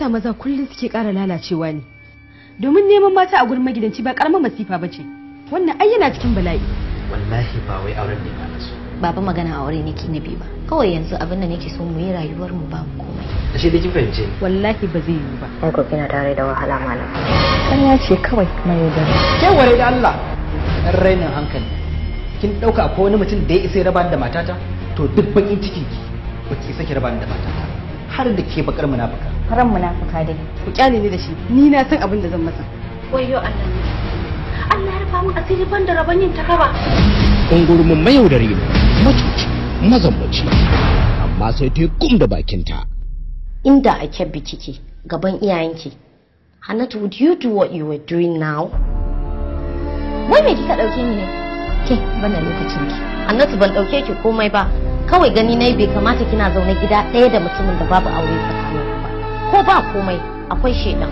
yasa maza kullum suke ƙara lalacewa ne domin neman mata a gurin magidanci ba karamar masifa ba ce wannan ai yana cikin bala'i wallahi ba wai auren ne ba na baba magana aure nake nabi ba kawai yanzu abin da nake so mu yi rayuwar mu ba mu komai ashe da kin fahimce wallahi ba zai yiwu ba an ko kina tare da wahala malam ya ce kawai mai yaudara ware da Allah dan rainin hankali kin dauka akwai wani mutum da ya isa ya da matata to duk bakin ciki ki baki sake rabar da matata har da ke bakar munafuka haram munafuka dai ku kyale ni da shi ni na san abin da zan masa wayo Allah Allah ya rufa mu asiri ban da rabon yin takaba ungurumin mayaudari ne macuci mazambaci amma sai ta yi kum da bakinta inda ake bikike gaban iyayenki Hannatu would you do what you were doing now wai me kika dauke ni ne ke bana lokacin ki Hannatu ban dauke ki komai ba kawai gani na bai kamata kina zaune gida ɗaya da mutumin da babu aure tsakanin ba ko ba komai akwai shaidan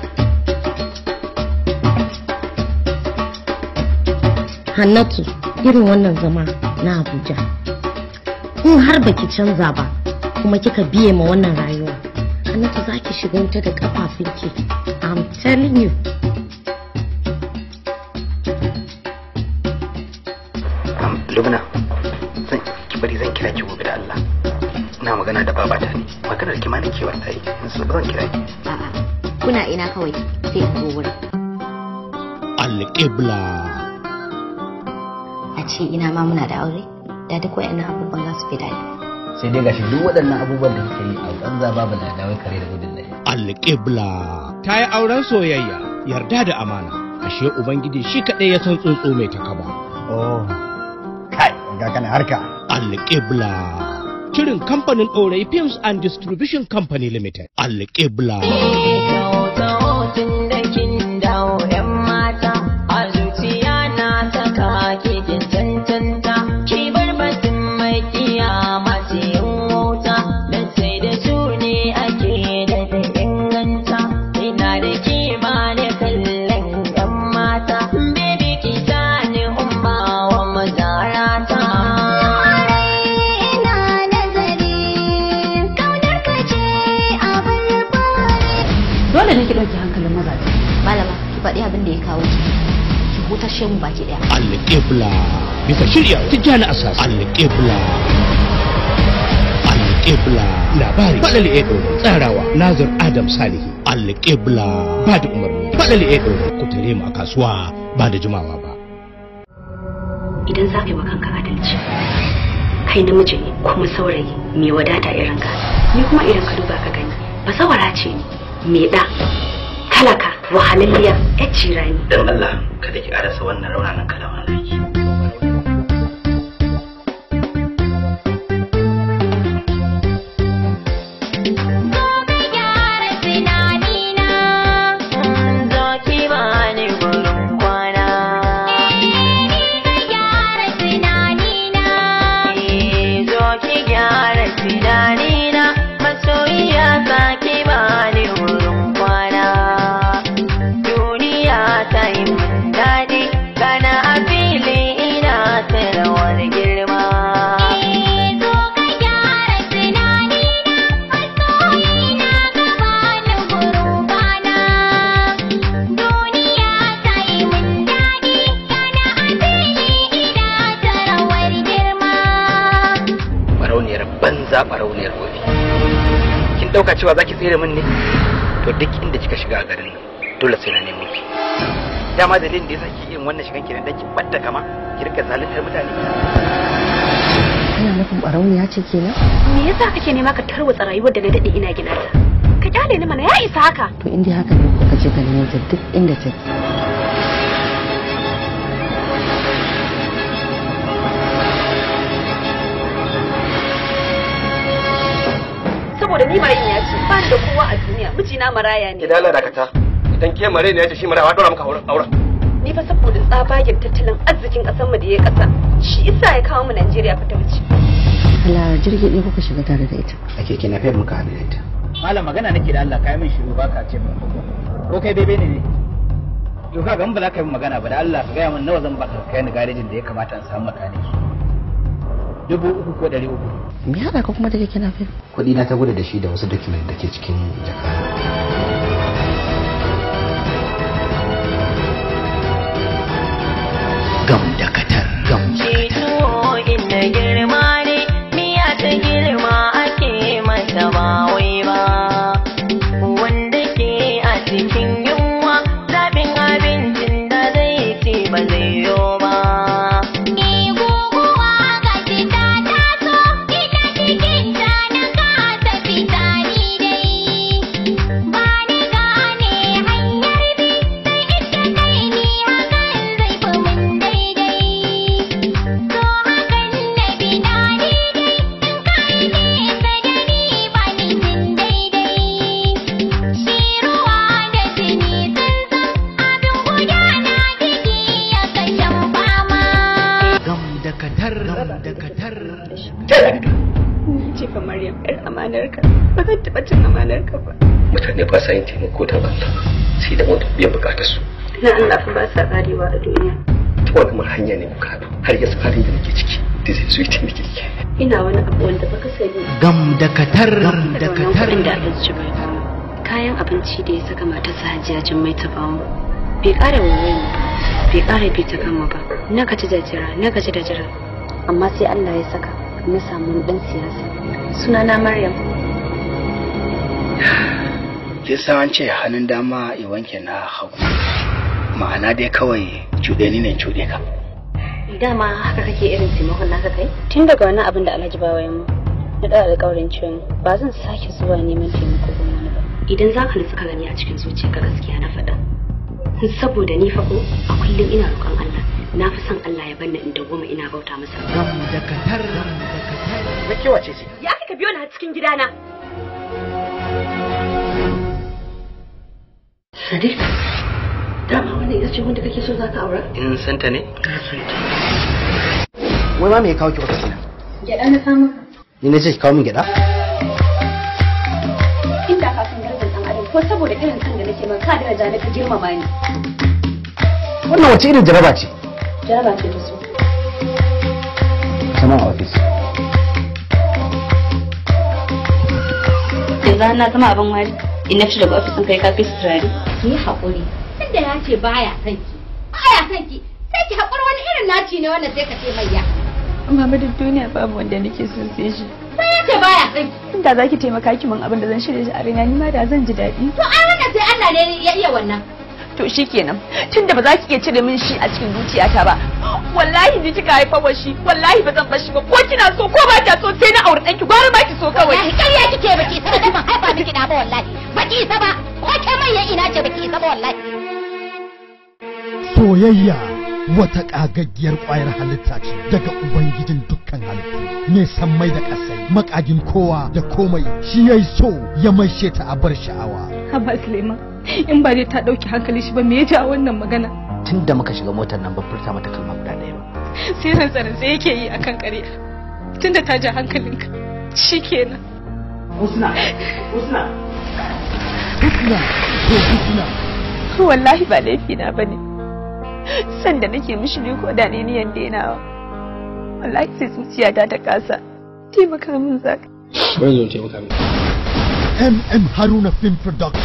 hannatu irin wannan zama na abuja in har baki canza ba kuma kika biye ma wannan rayuwa hannatu za ki shiga wuta da ki i'm telling you ki bari zan kira ki gobe da Allah ina magana da babata ne maganar ki ma nake wallahi sai zan kira ki kuna ina kawai sai ku wurin Alƙibla. a ce ina ma muna da aure da duk wayannan abubuwan za su fi daɗi sai dai gashi duk waɗannan abubuwan da kake yi a banza babu da dawai kare da gudun dai Alƙibla. ta yi auren soyayya yarda da amana ashe ubangiji shi kaɗai ya san tsuntsu mai takaba oh kai ga kana harka Al-Qibla. Shirin kamfanin Ɗorai and Distribution Company Limited. Al-Qibla. tashe mu baki daya alƙibla bisa shirya tijjani asas alƙibla alƙibla labari faɗali edo tsarawa Nazar adam salihi alƙibla ba da umarni faɗali edo ku tare mu a kasuwa ba da jimawa ba idan za ka yi wa kanka adalci kai namiji ne kuma saurayi mai wadata irin ka ni kuma idan ka duba ka gani basawara ce ne, mai da talaka wahalalliya ya ni. dan Allah kada ki karasa wannan raunanan kalaman naki banza barauniyar gobe kin ɗauka cewa za ki tsere min ne to duk inda kika shiga a garin nan dole sai na nemo ki dama dalilin da yasa ki irin wannan shigan kiran dan ki batta kama ki rika zaluntar mutane kana nufin barauniya ce kenan me yasa kake nema ka tarwatsa rayuwar da na daɗe ina gina ta ka kyale ni mana ya isa haka to inda haka ne ka ce ka nemo duk inda take saboda ni ba yin ya ce ban da kowa a duniya na maraya ne idan Allah dakata idan ke mare ne ya ce shi maraya dora maka auren ni fa saboda tsabagen tattalin arzikin kasar mu da ya kasa shi isa ya kawo mu Najeriya fa ta wuce Allah jirgin ne kuka shiga tare da ita ake kina fa muka hada da ita malam magana nake da Allah kai min shiru ka ce min ko kai bebe ne ne to ga mun ba za ka yi magana ba da Allah ka gaya min nawa zan baka kai ni garejin da ya kamata in samu makaniki dubu uku ko dari uku me haɗa ka kuma da keke na fim kuɗi na ta gudu da shi da wasu dokumen da ke cikin jaka gam da katar gam inda girma ne miya ta girma ake masa bawa ka mutane ba sa yin taimako don Allah sai da wanda ya bukata su na Allah fa ba sa karewa a duniya tuwa kamar hanya ne muka haɗu har ya halin da nake ciki da zai su yi taimaki ina wani abu wanda baka sani gam da katar gam da katar da abinci bai kayan abinci da ya saka mata su hajiya jimmai ta bamu bai ƙara wayoyi bai kare bi ta kama ba na gaji da jira na gaji da jira amma sai Allah ya saka na samu ɗan siyasa sunana Maryam Sai san an ce hannun dama ya wanke na hagu ma'ana dai kawai cuɗe ni ne cuɗe ka dama haka kake irin taimakon naka kai tun daga wani abin da alhaji ba ya mu na da alƙawarin cewa ba zan sake zuwa neman taimako wani ba idan za ka nutsu ka gani a cikin ka gaskiya na faɗa saboda ni fa ko a kullum ina roƙon Allah na fi son Allah ya banna in dawoma ina bauta masa. Ramu da katar, ramu da katar. Na kewace ce. Ya kika biyo ni a cikin gidana. Sadiq, dama wanda ita ce wanda kake so za ka aura? In ta ne? Ka san ta. Wai ma me ya kawo ki ofis nan? Gyaɗa na kawo Ni na ce ki kawo min gyaɗa? Inda ka san darajar ɗan adam ko saboda irin san da nake man ka daraja na ka girmama ni. Wannan wace irin jaraba ce? Jaraba ce ta so. Sama a ofis. Yanzu na zama abin wari. In na fito daga ofisin kai ka fi su turare. ki yi haƙuri inda ya ce baya son ki baya son ki sai ki haƙuri wani irin naci ne wannan sai ka ce mai ya amma duk duniya babu wanda nake son sai shi sai ya ce baya son ki inda zaki taimaka ki min abin da zan shirya shi a raina ni ma da zan ji daɗi to ai wannan sai Allah ne ya iya wannan to shikenan tunda ba za ki iya cire min shi a cikin zuciyata ba wallahi ni kika haifar wa shi wallahi ba zan bar shi ba ko kina so ko ba ta so sai na aure danki gwara ba ki so kawai wallahi ƙarya kike baki saba da kuma haifa miki da ba wallahi baki ba ko ke mai ina ce baki ba wallahi soyayya wata ƙagaggiyar ƙwayar halitta ce daga ubangijin dukkan halittu ne san mai da ƙasai makagin kowa da komai shi yayi so ya mai ta a bar sha'awa amma suleiman in ba dai ta ɗauki hankali shi ba me ya ja wannan magana tun da muka shiga motar nan ba furta mata kalma guda ɗaya ba sai rantsarin sai yake yi akan kare tun da ta ja hankalinka shikenan usna usna usna ko usna ko wallahi ba laifi na bane san da nake mishi ne ko da ne niyan dainawa wallahi sai zuciya ta ta kasa taimaka min zaka bai zo taimaka min mm haruna film production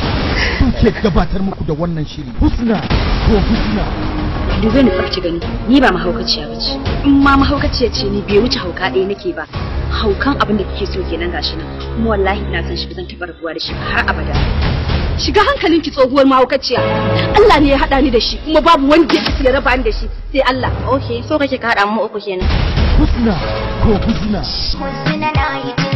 su ke gabatar muku da wannan shiri husna ko husna dube ni tsafci gani ni ba mahaukaciya ba ce in ma mahaukaciya ce ni bai wuce hauka ɗaya nake ba haukan abin da kike so kenan gashi nan kuma wallahi ina san shi ba zan taɓa rabuwa da shi har abada shiga hankalin ki tsohuwar mahaukaciya Allah ne ya haɗa ni da shi kuma babu wanda ya ya raba ni da shi sai Allah okay so kake ka haɗa mu uku kenan husna ko husna husna na yi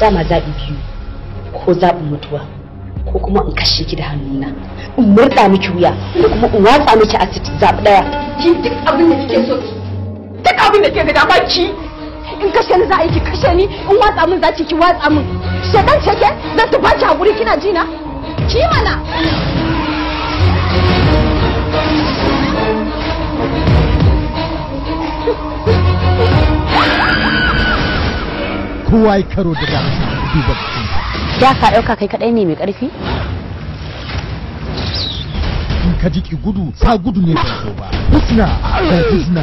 dama zaɓi biyu ko zaɓin mutuwa ko kuma in kashe ki da hannuna in murɗa miki wuya ko kuma in watsa miki acid zaɓi ɗaya ki duk abin da kike so duk abin da kike ga dama ki in kashe ni za a yi ki kashe ni in watsa min za ki ki watsa min shedan ceke zan ta ki hakuri kina ji na ki mana Thank you. kowa ya karo da damsa ya ka ɗauka kai kaɗai ne mai ƙarfi in ka jiki gudu sa gudu ne ban so ba husna da husna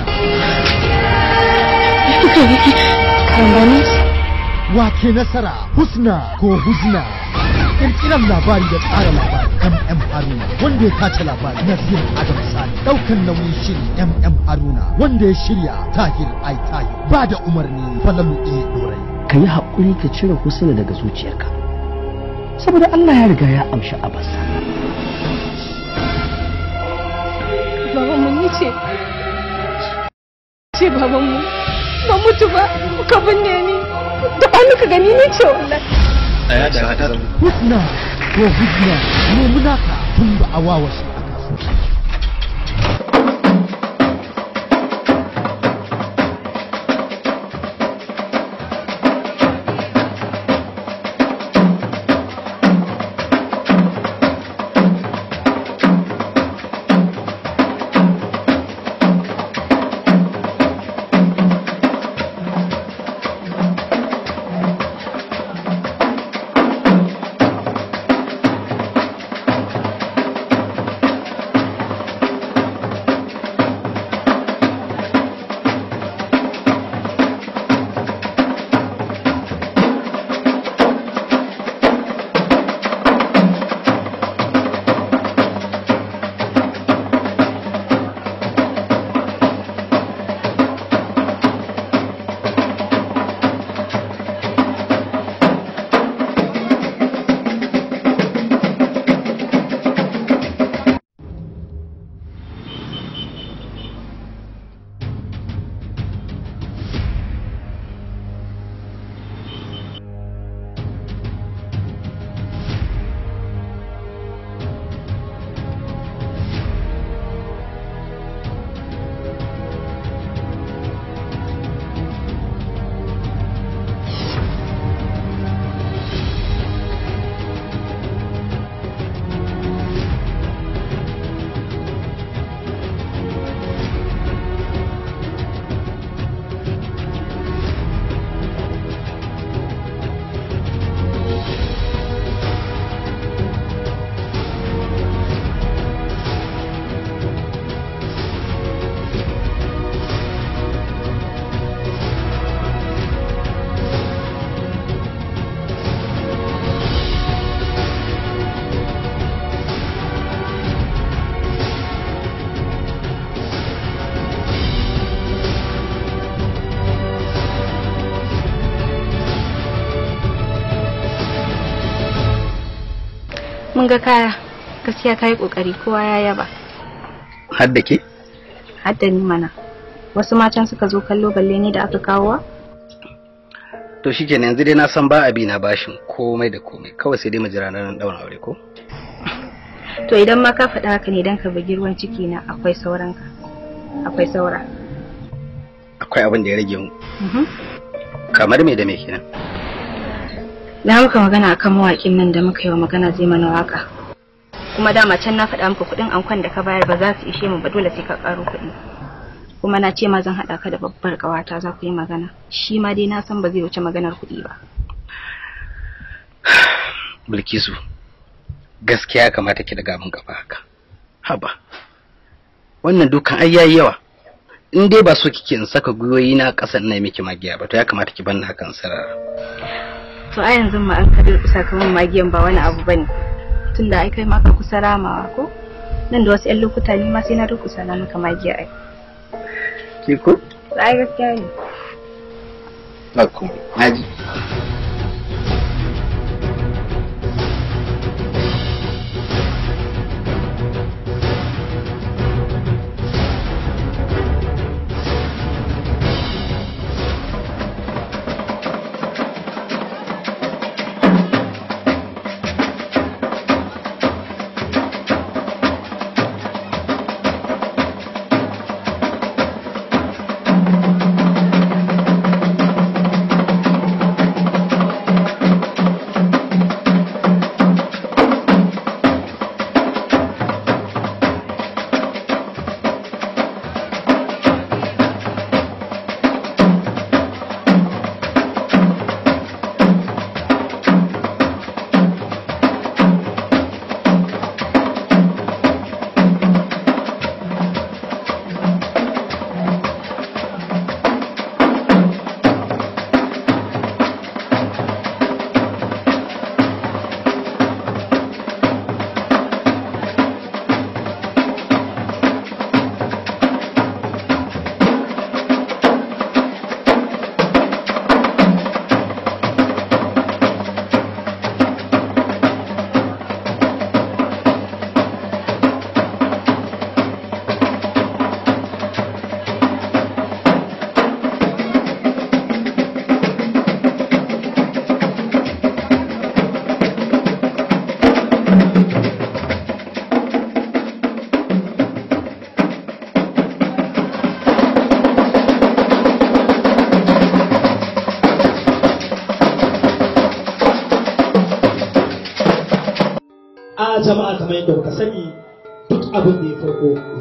wa ke nasara husna ko husna kirkirar labari da tsara labari mm haruna wanda ya kace labari na fiye adam sani daukan nauyin shiri mm haruna wanda ya shirya tahir ai tahir ba da umarni falalu e dorai ka yi haƙuri ka cire husna daga zuciyarka saboda Allah ya riga ya amshi abarsa Babanmu ni ce ce babanmu ba mutu ba ka binne ni da ba ka gani ni ce wallahi tsaya da hadar ko husna ne muna tun da awawarsa ga kaya gaskiya kai kokari kowa ya yaba har da ke har da ni mana wasu matan suka zo kallo balle ne da aka kawo to shikenan yanzu dai na san ba abi na bashin komai da komai kawai sai dai mu jira ranar daura aure ko to idan ma ka faɗa haka ne dan ka bugi ruwan ciki na akwai sauran ka akwai saura akwai abin da ya rage mu mhm. kamar me da me kenan na maka magana akan mawakin nan da muka yi wa magana zai mana waka kuma dama can na faɗa maka kuɗin ankon da ka bayar ba za su ishe mu ba dole sai ka ƙaro kuɗi kuma na ce ma zan haɗa ka da babbar ƙawata za ku yi magana shi ma dai na san ba zai wuce maganar kuɗi ba bilkisu gaskiya kamata ki daga mun gaba haka haba wannan dukan ai yayi yawa in dai ba so kike in saka gwiwoyi na ƙasan na miki magiya ba to ya kamata ki banna hakan sarara to a yanzu ma an kaɗe sakamakon magiyan ba wani abu bane tunda ai kai ma ka kusa ramawa ko nan da wasu 'yan lokuta ni ma sai na duk kusa na maka magiya ai ke ku? ai gaskiya ne na ku na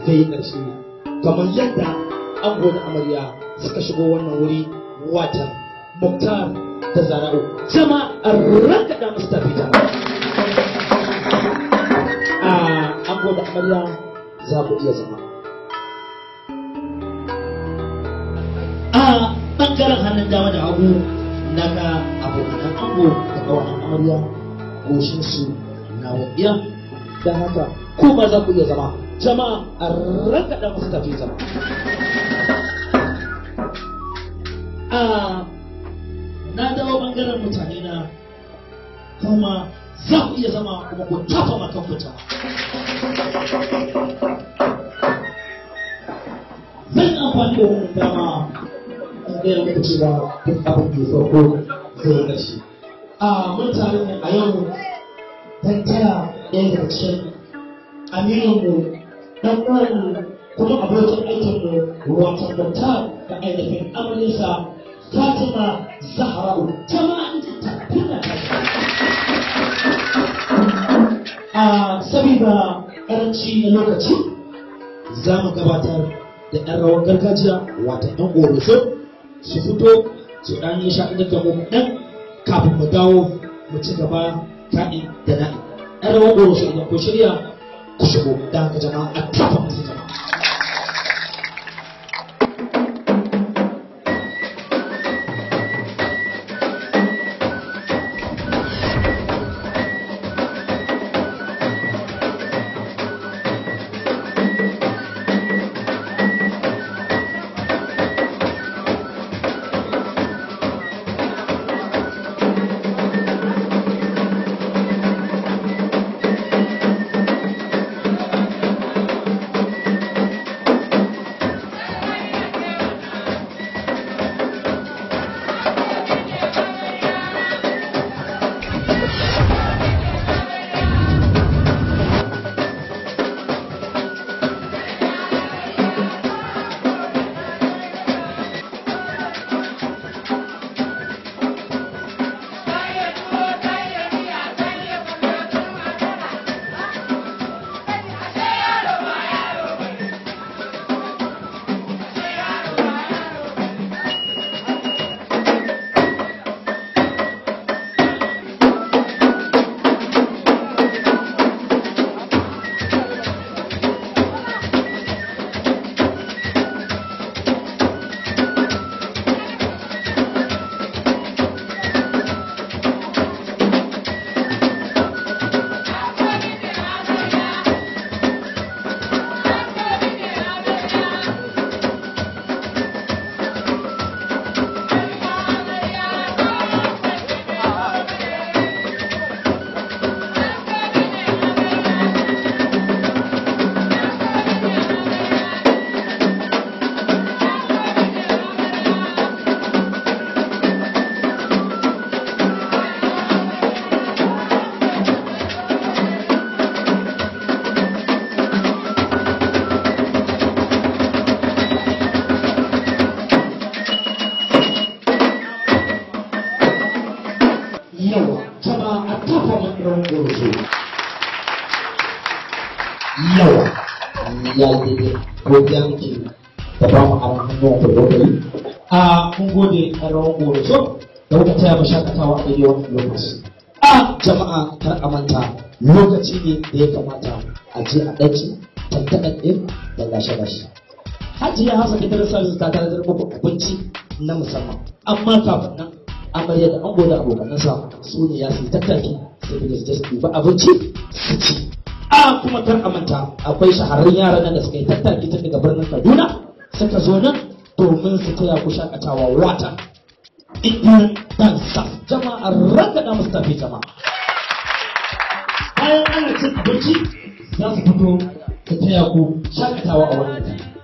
ta yi kamar yadda ango da amarya suka shigo wannan wuri wata muktar da zara'u jama'a rakaɗa musu tafi a ango da amarya za ku iya zama a ɓangaren hannun dama da abu na ga abokanan ango da ƙawanan amarya su na wabiya don haka ko ba za ku iya zama jama'a a rakaɗa musu tafi jama'a a na dawo bangaren mutane na kuma za ku iya zama kuma ku tafa makan fita zan yi amfani da wani dama in gaya muku cewa duk abin da ya sauko zai gashi a mutane ne a yau tattara ɗaya daga cikin aminin mu dan uwan kuma abokin aikin mu wata tabbata da ainihin amalinsa fatima zahrau jama'a ita tana a sabida karanci na lokaci za mu gabatar da 'yan rawar gargajiya wata ɗan oroso su fito su ɗan yi shaɗin mu ɗan kafin mu dawo mu ci gaba kaɗi da na'i ɗan rawar oroso idan ko shirya I'm damu jamaa atapata godiya muke da ba mu aron hannun ku lokaci a mun gode aron da kuka taya mu shakatawa a yau lokaci a jama'a kar a manta lokaci ne da ya kamata a je a ɗauki tantaɗaɗɗe da gashe-gashe hajiya hasa ita da sarrafa ta tare da muku abinci na musamman amma kafin nan amarya da ango da abokanansa su ne ya su tattaki sai da su ba abinci su ci a kuma kar a manta akwai shahararrun yaran nan da suka yi tattaki tun daga birnin Kaduna suka zo nan domin su taya ku shakatawa wata Indian dansa jama'a rangada musu tafi jama'a bayan ana cin abinci za su fito su taya ku shakatawa a wannan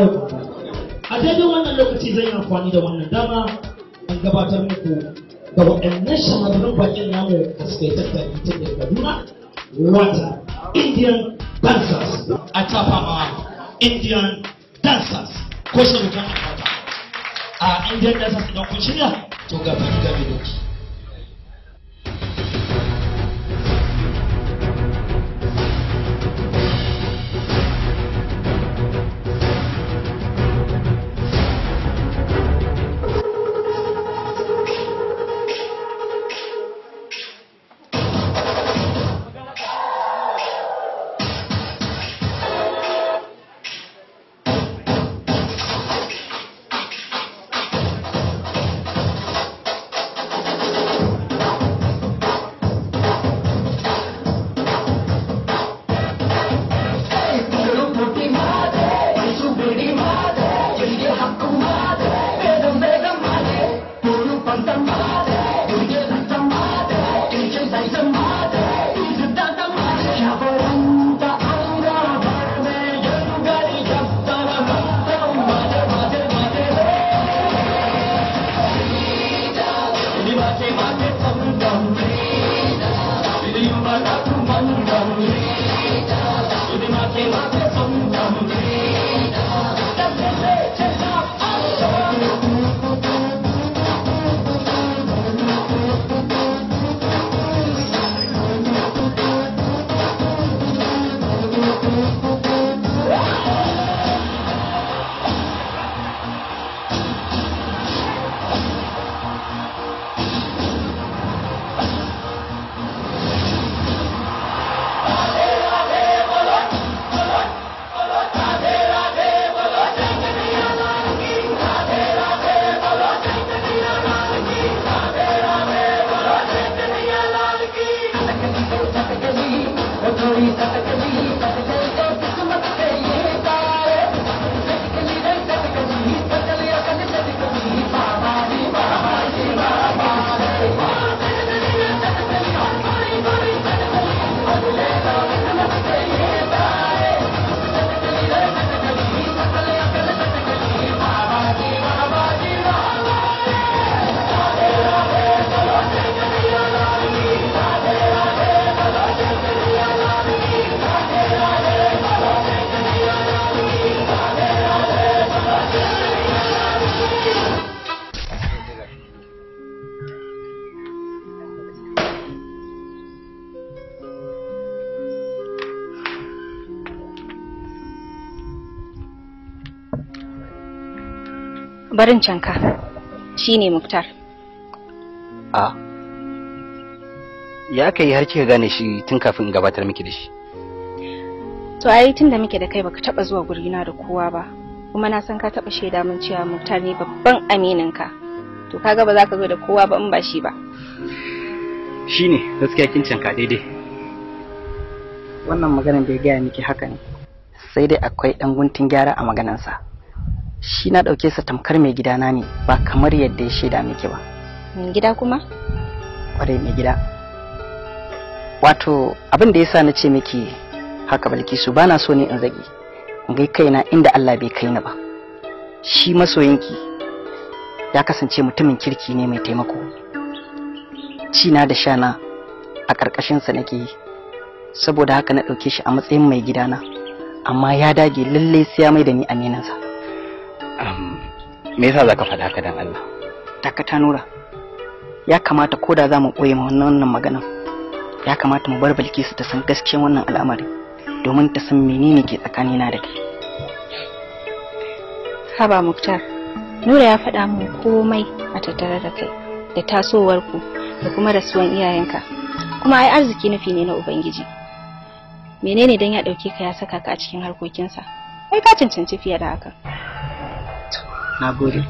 yau a daidai wannan lokaci zan yi amfani da wannan dama an gabatar muku ga waɗannan shahararrun bakin namu da suka yi tattali ta da kaduna wata indian dancers a tafawa indian dancers ko shirin kan a indian dancers idan kun shirya to gaba gaba doki barin canka ne muktar a ya ka yi har kika gane shi tun kafin gabatar miki da shi to yi tun da muke da kai baka taba zuwa gurina da kowa ba kuma na san ka taba shaida min cewa muktar ne babban amininka to kaga ba za ka zo da kowa ba in ba shi ba shine gaskiya kin canka daidai wannan maganar da ya gaya miki haka ne sai dai akwai ɗan guntun gyara a maganansa shi na ɗauke sa tamkar mai gidana ne ba kamar yadda ya shaida miki ba mai gida kuma ƙwarai mai gida wato abin da ya sa na ce miki haka balkisu bana na so ne in zage in gai kaina inda allah bai kai ni ba shi masoyinki ya kasance mutumin kirki ne mai taimako cina da shana a ƙarƙashinsa nake yi saboda haka na ɗauke shi a matsayin mai gidana amma ya dage lallai sai ya mai da ni aminansa me yasa zaka faɗa haka dan Allah dakata nura ya kamata ko da za mu ɓoye wannan magana ya kamata mu bar bilkisu ta san gaskiyar wannan al'amari domin ta san menene ke tsakanina da kai haba muktar nura ya faɗa min komai a tattare da kai da tasowar ku da kuma rasuwan iyayenka kuma ai arziki nufi ne na ubangiji menene dan ya ɗauke ka ya saka ka a cikin harkokinsa kai ka cancanci fiye da haka ना गुरु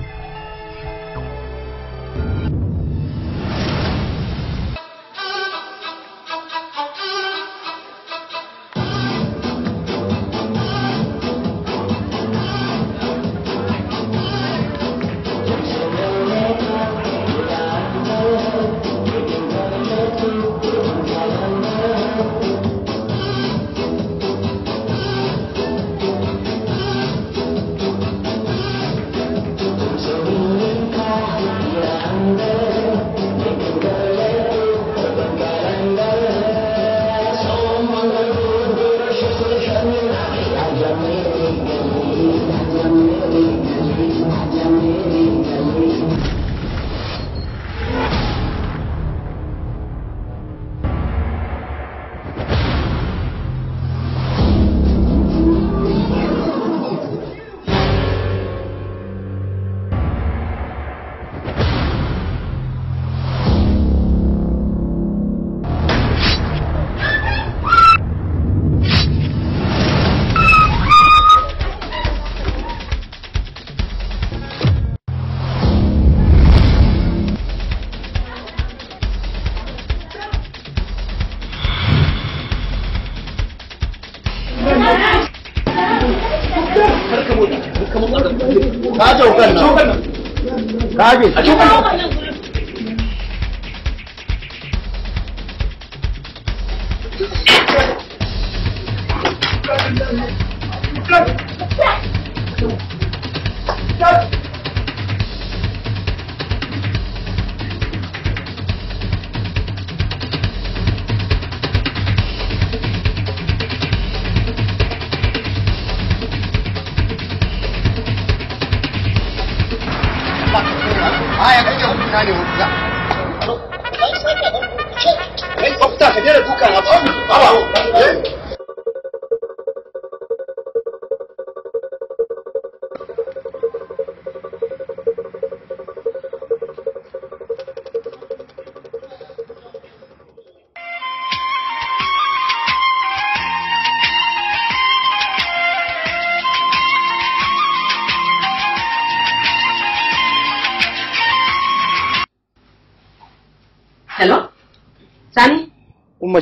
阿军。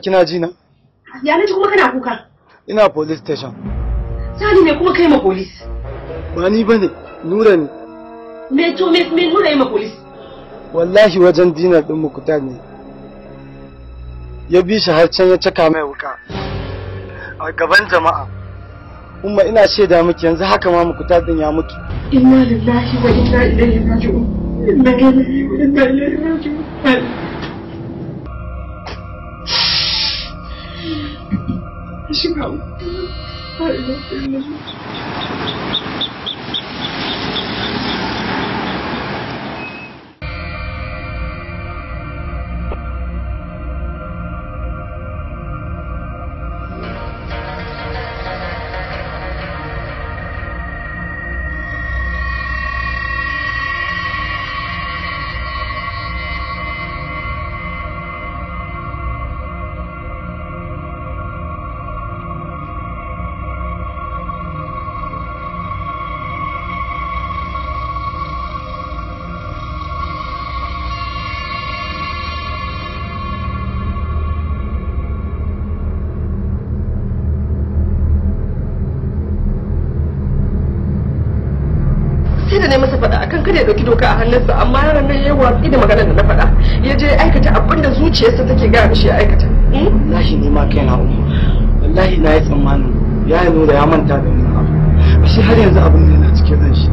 kina ji na? Ya na ji kuma kana kuka. Ina police station. Sani ne kuma kai ma police. Ba ni bane, Nura ne. Me to me me Nura ma police? Wallahi wajen dinar din kuta ne. Ya bi shi har can ya caka mai wuka. A gaban jama'a. Umma ina shaida miki yanzu haka ma mukuta din ya mutu. Inna lillahi wa inna ilaihi raji'un. Inna lillahi wa inna ilaihi raji'un. 让我爱了你。ne da dauki doka a hannunsa amma yana nan yayi watsi da maganar da na faɗa ya je aikata abin da zuciyarsa take ga mishi ya aikata hmm? wallahi ni ma kaina umma wallahi na yi tsammanin ya yi da ya manta da ni ma. shi har yanzu abin da yana cikin ran shi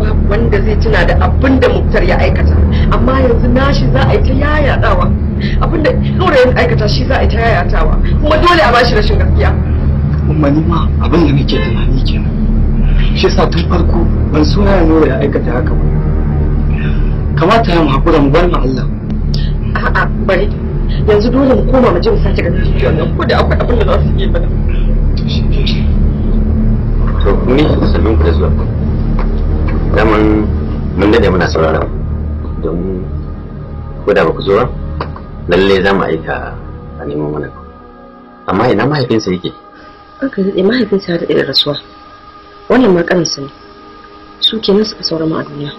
babu wanda zai tuna da abin da muktar ya aikata amma yanzu nashi za a yi ta yayatawa abin da nura ya aikata shi za a yi ta yayatawa kuma dole a bashi rashin gaskiya umma ni ma abin da nake tunani kenan shi sa tun farko ban so ya nura ya aikata haka ba kamata ya mu hakura mu bar ma Allah a'a bari yanzu dole mu koma mu ji mu sace ganin ciwon nan ko da akwai abin da za su yi mana to ni sallon ku da zuwa daman mun dade muna saurara domin ko da ba ku zo lalle za mu aika a neman mana amma ina mahaifinsa yake aka daɗe mahaifinsa ya daɗe da rasuwa wannan ma karinsu ne su kenan suka saurama a duniya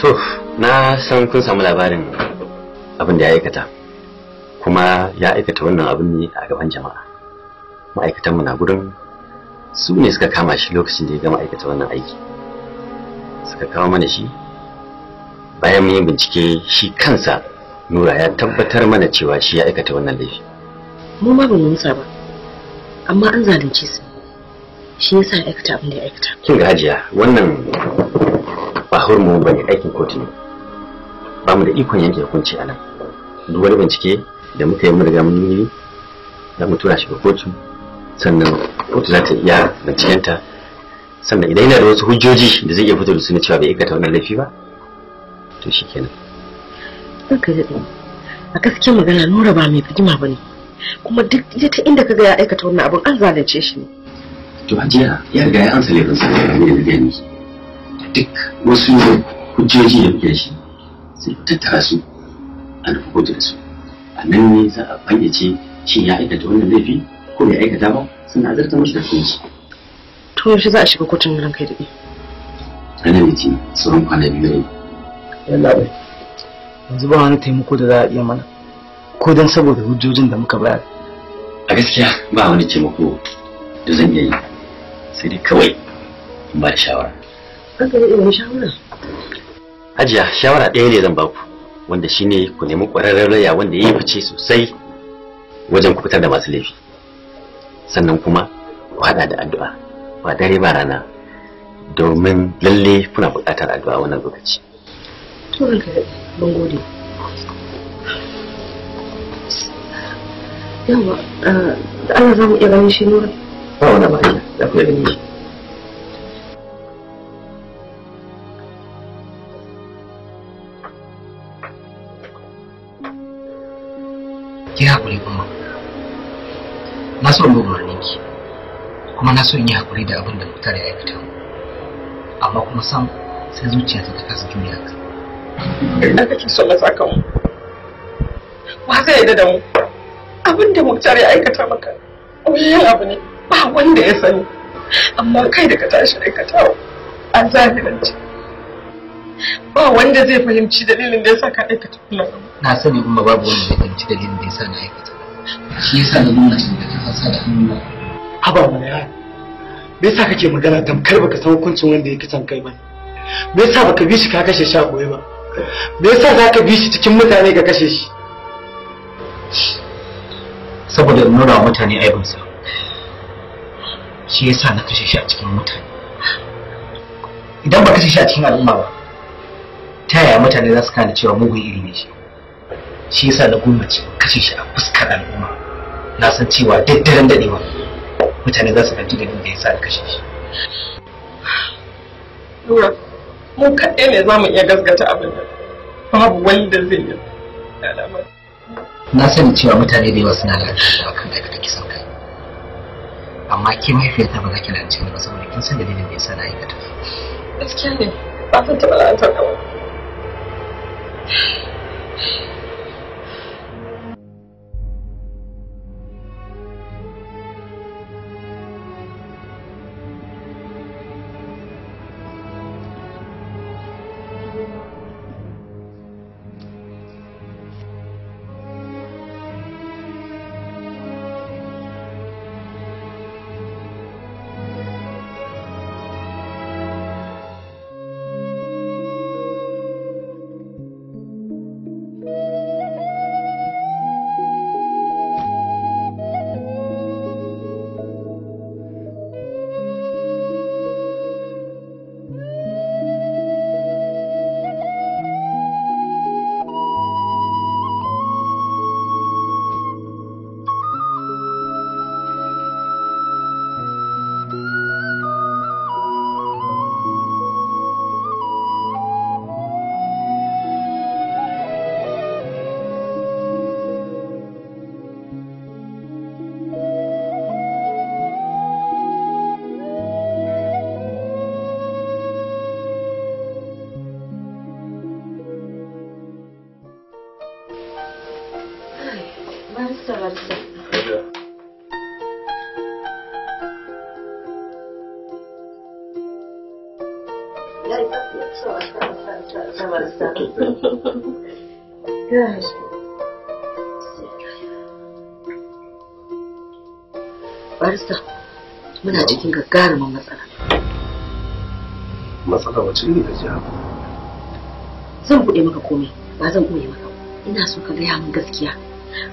to na san kun samu labarin abin da ya aikata kuma ya aikata wannan abin ne a gaban jama'a ma'aikatanmu na gurin su ne suka kama shi lokacin da ya gama aikata wannan aiki suka kawo mana shi bayan mun yi bincike shi kansa nura ya tabbatar mana cewa shi ya aikata wannan laifi mu ma ba mu ba amma an zalunce su shi yasa aikata abin da ya aikata kin ga hajiya wannan ba hurmu bane aikin kotu ne ba mu da ikon yanke hukunci a nan duk wani bincike da muka yi mu riga mun yi za mu tura shi ga kotu sannan kotu za ta iya bincikenta sannan idan yana da wasu hujjoji da zai iya fito da su na cewa bai aikata wannan laifi ba to shikenan ka daɗe a gaskiyar magana nura ba mai fitima ba ne kuma duk ita inda ka ga ya aikata wannan abin an zalunce shi ne to ajiya ya riga ya ansa laifin sa ya ne da gaya miki duk wasu hujjoji da muke shi sai tattara su a nufi kotu da su a nan ne za a fayyace shin ya aikata wannan laifi ko bai aikata ba suna zartar mashi da shi. to shi za a shiga kotun nan kai da ana miki tsoron kwana biyu ne yalla bai yanzu ba wani taimako da za a iya mana ko don saboda hujjojin da muka bayar a gaskiya ba wani taimako da zan iya yi asiri kawai, kawai ba da shawara haka da irin shawara hajiya shawara ɗaya ne zan baku wanda shi ne ku nemi ƙwararren raya wanda ya yi fice sosai wajen kubutar da masu laifi sannan kuma ku haɗa da addu'a ba dare ba rana domin lalle kuna buƙatar addu'a wannan lokaci to ban gode yawa ah, da ana za mu iya ganin shi nura ba wani ba akwai ki haƙuri kuma na so in umarnin kuma na so in yi haƙuri da abin da mutar ya aikata amma kuma sam sai zuciya ta taka su juriya ka ina kake son na saka mu ba zai yadda da mu abin da mutar ya aikata maka wuyan abu ne ba wanda ya sani amma kai da ka tashi aikatawa a zahirance ba wanda zai fahimci dalilin da ya sa ka aikata wannan na sani kuma babu wanda zai fahimci dalilin da ya sa na aikata shi yasa na nuna shi da kafa sa da hannu haba mana yaya me yasa kake magana tamkar baka san hukuncin wanda ya kisan kai ba me yasa baka bi shi ka kashe shi a goye ba me yasa zaka bi shi cikin mutane ka kashe shi saboda nuna mutane aibinsa shi yasa na kashe shi a cikin mutane idan ba kashe shi a cikin al'umma ba ta yaya mutane za su kana cewa mugun iri ne shi shi yasa na gwamnati kashe shi a fuskar al'umma na san cewa daddaren dadewa mutane za su ɗauki dalilin da sa na kashe shi Lura, kaɗai ne za mu iya gasgata abin da babu wanda zai yi. Na sani cewa mutane da yawa suna da akan da kisan kai. amma ke mahaifiyarta ba za ki lalace ba saboda kin san dalilin da yasa na yi aikata gaskiya ne ba zan taɓa lalata ba cikin gagarumin matsala. Matsala wacce ne gajiya? Zan buɗe maka komai ba zan ɓoye maka ina so ka gaya min gaskiya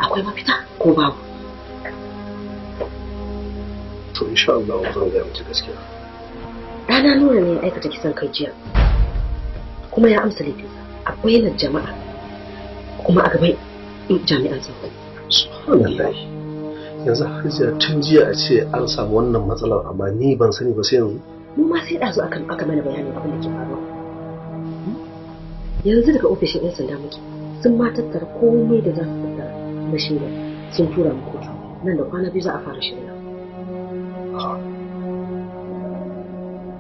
akwai mafita ko babu. To insha Allah zan gaya miki gaskiya. na nuna ne ya aikata kisan kai jiya kuma ya amsa laifinsa Akwai na jama'a kuma a gaban jami'an tsaro. Subhanallah. yanzu hajiya tun jiya a ce an samu wannan matsalar amma ni ban sani ba sai yanzu mu ma sai ɗazu akan aka mana bayanin abin da ke faruwa yanzu daga ofishin yan sanda muke sun ma tattara komai da za su fita na shirya sun tura mu kotu nan da kwana biyu za a fara shirya ah.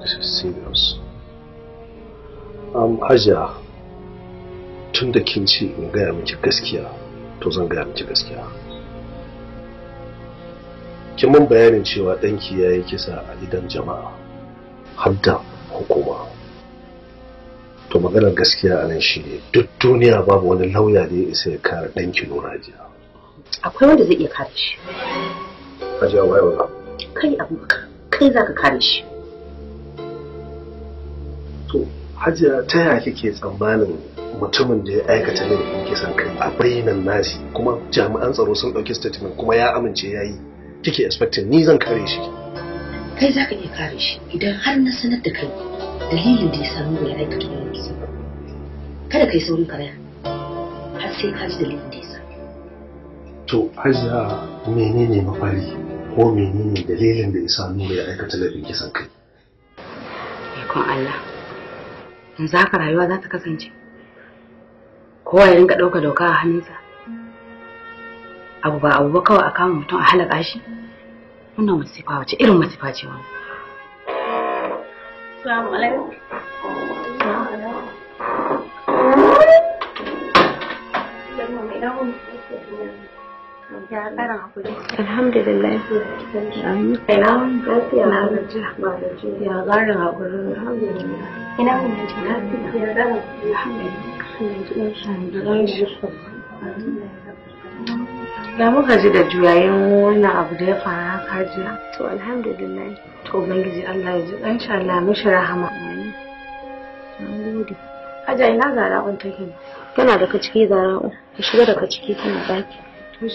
This is serious. Um, Hajiya, tun da kin ce in gaya miki gaskiya, to zan gaya miki gaskiya. ki mun bayanin cewa ɗanki ya yi kisa a idan jama'a har da hukuma to maganar gaskiya a nan shi ne duk duniya babu wani lauya da ya isa ya kare ɗanki nuna akwai wanda zai iya kare shi hajiya waye wa kai abubakar kai za ka kare shi to hajiya ta yaya kike tsammanin mutumin da ya aikata laifin kisan kai a bainan nasi kuma jami'an tsaro sun ɗauki statement kuma ya amince ya yi kike expecting ni zan kare shi kai za ka iya kare shi idan har na sanar da kai dalilin da ya samu da ya aikata wannan kisa kada kai saurin karaya har sai ka ji dalilin da ya sa to hajiya menene mafari ko menene dalilin da ya samu da ya aikata laifin kisan kai ikon Allah In za ka rayuwa za ta kasance kowa ya rinka ɗauka doka a hannunsa abu ba abu ba kawai a kama mutum a halaka shi wannan masifa wace irin masifa ce wani Alhamdulillah. Na muka ji da juyayen wannan abu da ya faru haka jiya. To alhamdulillah. To Ubangiji Allah ya ji ɗan sha Allah mishi rahama. Amin. gode. Haja ina zara'un take. Kana daga ciki zara'un. Ka shiga daga ciki kana baki. To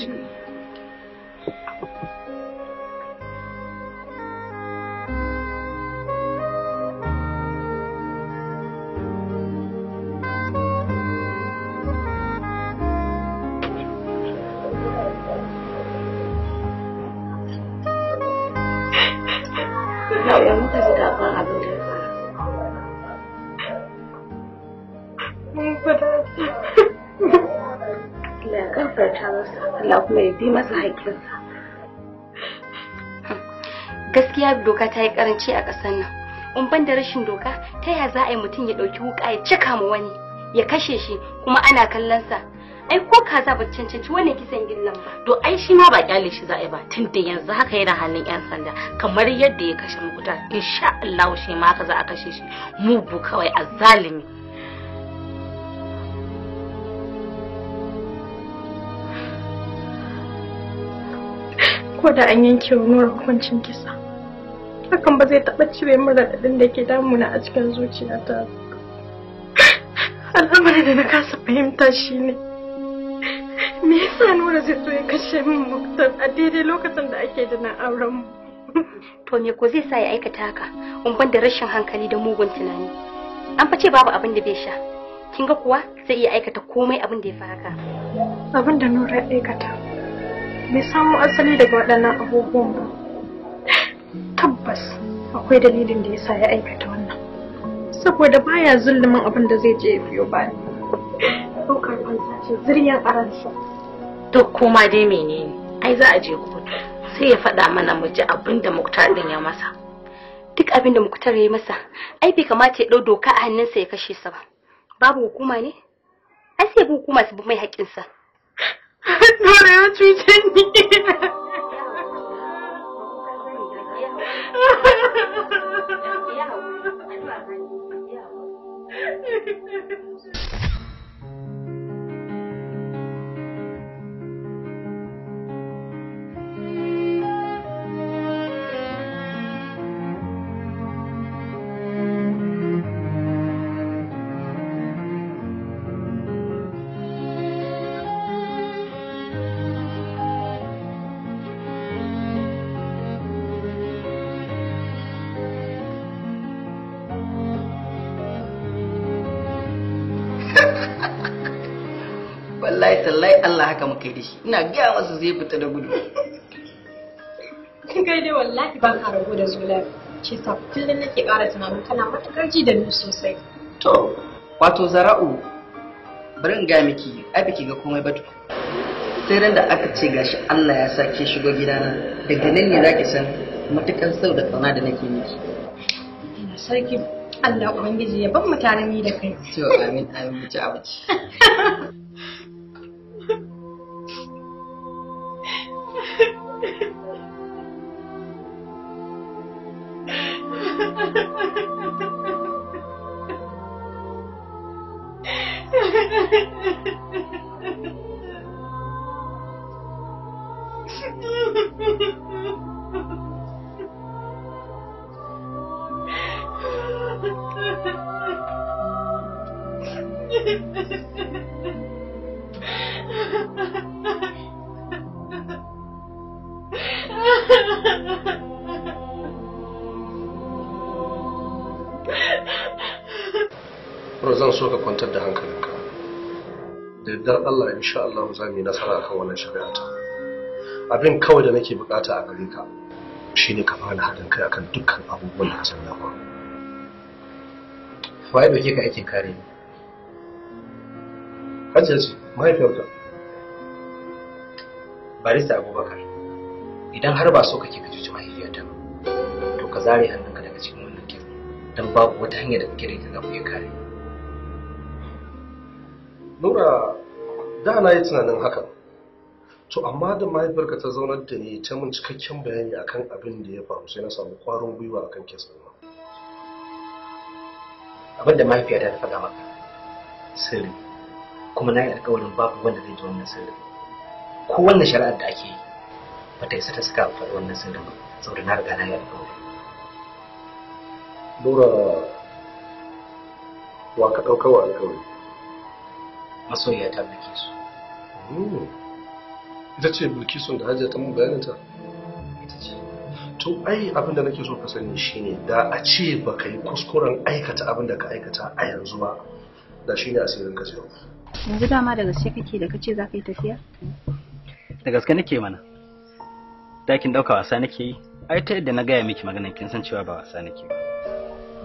ya masa haƙƙinsa gaskiya doka ta yi ƙaranci a ƙasar nan in ban da rashin doka ta yaya za a yi mutum ya ɗauki wuƙa ya cika ma wani ya kashe shi kuma ana kallon sa ai ko kaza ba cancanci wannan kisan gillan ba to ai shi ma ba ƙyale shi za a yi ba tun da yanzu haka yana hannun yan sanda kamar yadda ya kashe mukuta insha Allah shi ma haka za a kashe shi mu bu kawai zalimi. ko da an yanke wa nura hukuncin kisa hakan ba zai taɓa cire min raɗaɗin da ke damuna a cikin zuciyata al'amarin da na kasa fahimta shi ne. me yasa nura zai so ya kashe min muktar a daidai lokacin da ake da na auren mu to me ko zai sa ya aikata haka umban da rashin hankali da mugun tunani an fa ce babu abin da bai sha kin ga kuwa zai iya aikata komai abin da ya fi haka abin da nura ya aikata bai samo asali daga waɗannan abubuwan ba tabbas akwai dalilin da yasa ya aikata wannan saboda baya zulumin abin da zai je ya biyo ba ɗaukar fansa ce zuriyar aransa duk koma dai menene ai za a je kotu sai ya faɗa mana mu ji abin da muktar ya masa duk abin da muktar ya masa ai bai kamata ya ɗau doka a hannunsa ya kashe sa ba babu hukuma ne ai sai hukuma su bi mai haƙƙinsa 노래요 주제님 아, Allah haka muka yi da shi ina gaya masa zai fita da gudu kai dai wallahi ba ka rabu da zuwa ce sa kullun nake ƙara tunanin kana matukar ji da ni sosai to wato zara'u bari in ga miki ai biki ga komai ba sai ran da aka ce gashi Allah ya sake shigo gidana daga nan ne zaki san matukar sau da kauna da nake miki sarki Allah Ubangiji ya ban mutane ni da kai. To amin amin mu ci abinci. yardar Allah insha Allah za mu yi nasara akan wannan shari'a ta abin kawai da nake bukata a gare ka shine ka fara hadin kai akan dukkan abubuwan da ka san fa'i da waye ka aikin kare ni hajjar ce mahaifiyarka barista abubakar idan har ba so kake ka cuci mahaifiyarta ba to ka zare hannunka daga cikin wannan kes don babu wata hanya da kake da ita za ku iya kare nura da na yi tunanin haka to amma da ka ta zaunar da ni ta min cikakken bayani akan abin da ya faru sai na samu kwarin gwiwa akan kes ma. abin da mahaifiya ta faɗa maka sirri kuma na yi alƙawarin babu wanda zai ji wannan sirri ko wannan shari'ar da ake yi ba ta isa ta saka faɗa wannan sirri ba saboda na riga na yi alƙawari Lura wa ka ɗauka wa alƙawari masoyiya ta bake su ita ce bulkisun da hajiya ta mun ta ita ce to ai abin da nake so ka sani shine da a ce ba ka yi kuskuren aikata abin da ka aikata a yanzu ba da shi ne asirin ka zai yanzu dama da gaske kake da kace za ka yi tafiya da gaske nake mana dakin dauka wasa nake yi ai ta yadda na gaya miki maganar kin san cewa ba wasa nake ba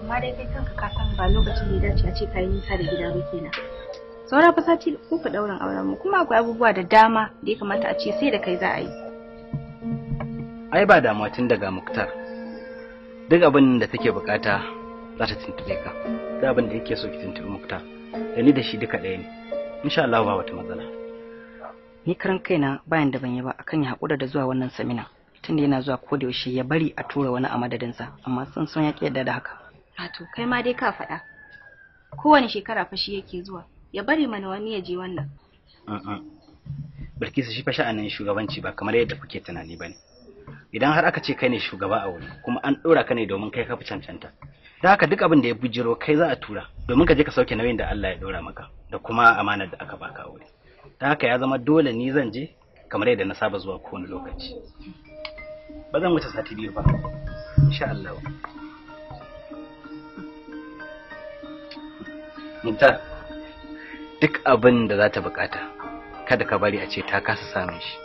amma dai kai kanka ka san ba lokacin da ya dace a ce ka yi nisa da gida ba kenan saura fa ko ka daurin auren mu kuma akwai abubuwa da dama da ya kamata a ce sai da kai za a yi ai ba damuwa tun daga muktar duk abin da take bukata za ta tuntube ka duk abin da yake so ki tuntube muktar da ni da shi duka ɗaya ne insha Allah ba wata matsala ni karan kaina bayan da ban yi ba akan ya haƙura da zuwa wannan samina tun da yana zuwa ko da yaushe ya bari a tura wani a madadinsa amma sun son ya ƙi yadda da haka wato kai ma dai ka faɗa kowane shekara fa shi yake zuwa ya bari mana wani ya je wannan bilkisu shi fa sha'anin shugabanci ba kamar yadda kuke tunani ne idan har aka ce kai ne shugaba a wuri kuma an ɗora ka ne domin kai ka fi cancanta da haka duk abin da ya bujiro kai za a tura domin ka je ka sauke nauyin da Allah ya ɗora maka da kuma amanar da aka baka a wuri da haka ya zama dole ni zan je kamar yadda na saba zuwa kowane lokaci ba zan wuce sati biyu ba insha Allah Mutar. duk abin da za ta bukata kada ka bari a ce ta kasa samun shi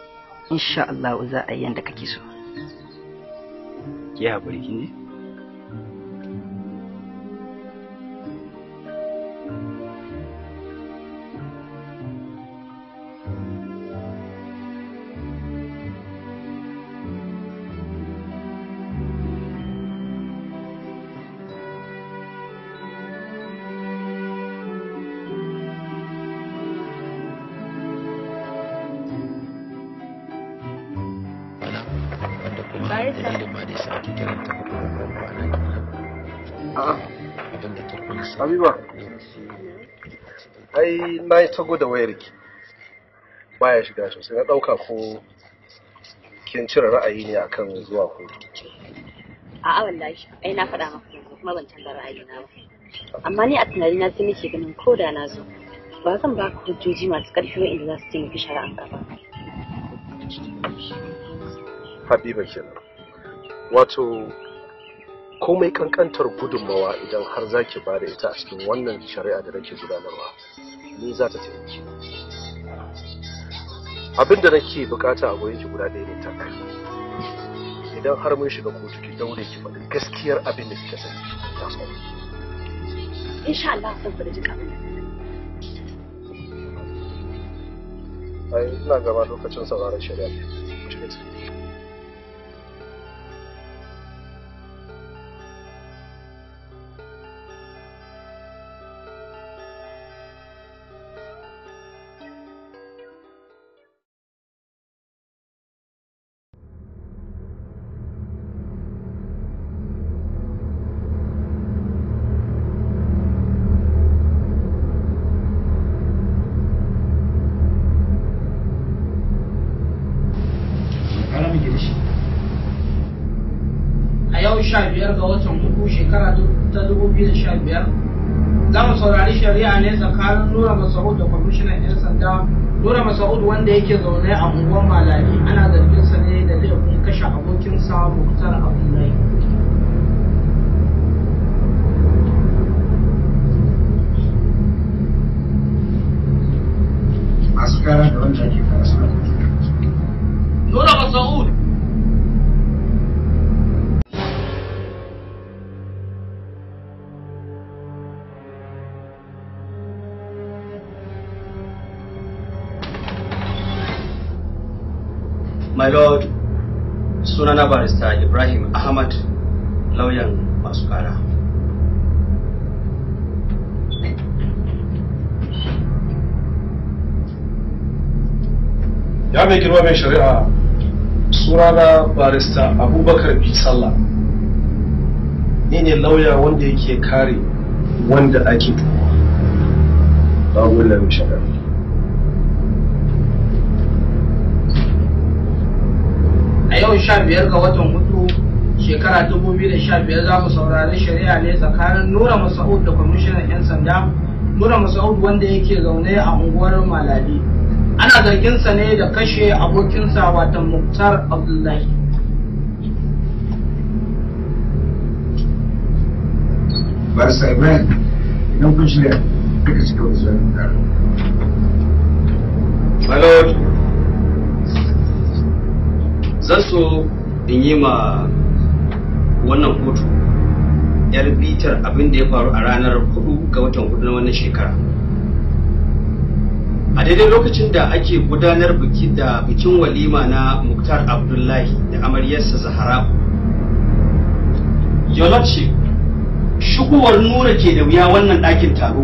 insha Allah za a yi yanda kake so ki haƙuri kin ji ai na yi tago da wayar ki baya shiga sosai na ɗauka ko kin cire ra'ayi ne akan zuwa kotu a'a wallahi ai na faɗa maka kuma ban canza ra'ayi na ba amma ni a tunani na sai nake ganin ko da na zo ba zan ba ku hujjoji masu ƙarfi wa'inda za su taimaki shari'an ka ba Habiba kenan wato komai kankantar gudunmawa idan har za ki ba da ita a cikin wannan shari'a da nake gudanarwa ni za ta taimaki abin da nake bukata a goyon ki guda ɗaya ne ta idan har mun shiga kotu ki daure ki faɗi gaskiyar abin da kika sani ya so insha Allah zan faɗi duk abin ai ina gaba lokacin sauraron shari'a ne biyar ga watan uku shekara ta dubu biyu da sha biyar za mu saurari shari'a ne tsakanin nura masa'ud da kwamishinan yan sanda nura masa'ud wanda yake zaune a unguwar malami ana zargin sa ne da laifin kashe abokinsa muktar abdullahi masu kara da wanda ake nura masa'ud my lord sunana barista ibrahim ahmad lauyan masu kara ya mai girma mai shari'a sunana barista abubakar bisalla sallah ni ne lauya wanda yake kare wanda ake tuhuma babu lauyan shari'a yau sha biyar ga watan hudu shekara dubu biyu da sha biyar za mu saurari shari'a ne tsakanin nura masa'ud da kwamishinan yan sanda nura masa'ud wanda yake zaune a unguwar malali ana zarginsa ne da kashe abokinsa watan muktar abdullahi barsa ibrahim idan kun shirya duka cikin wasu zai taro zan so in yi ma wannan kotu yar bitar abin da ya faru a ranar 4 ga watan 4 na wannan shekara a daidai lokacin da ake gudanar biki da bikin walima na muktar abdullahi da amaryarsa zahara ce shigowar nura ke da wuya wannan ɗakin taro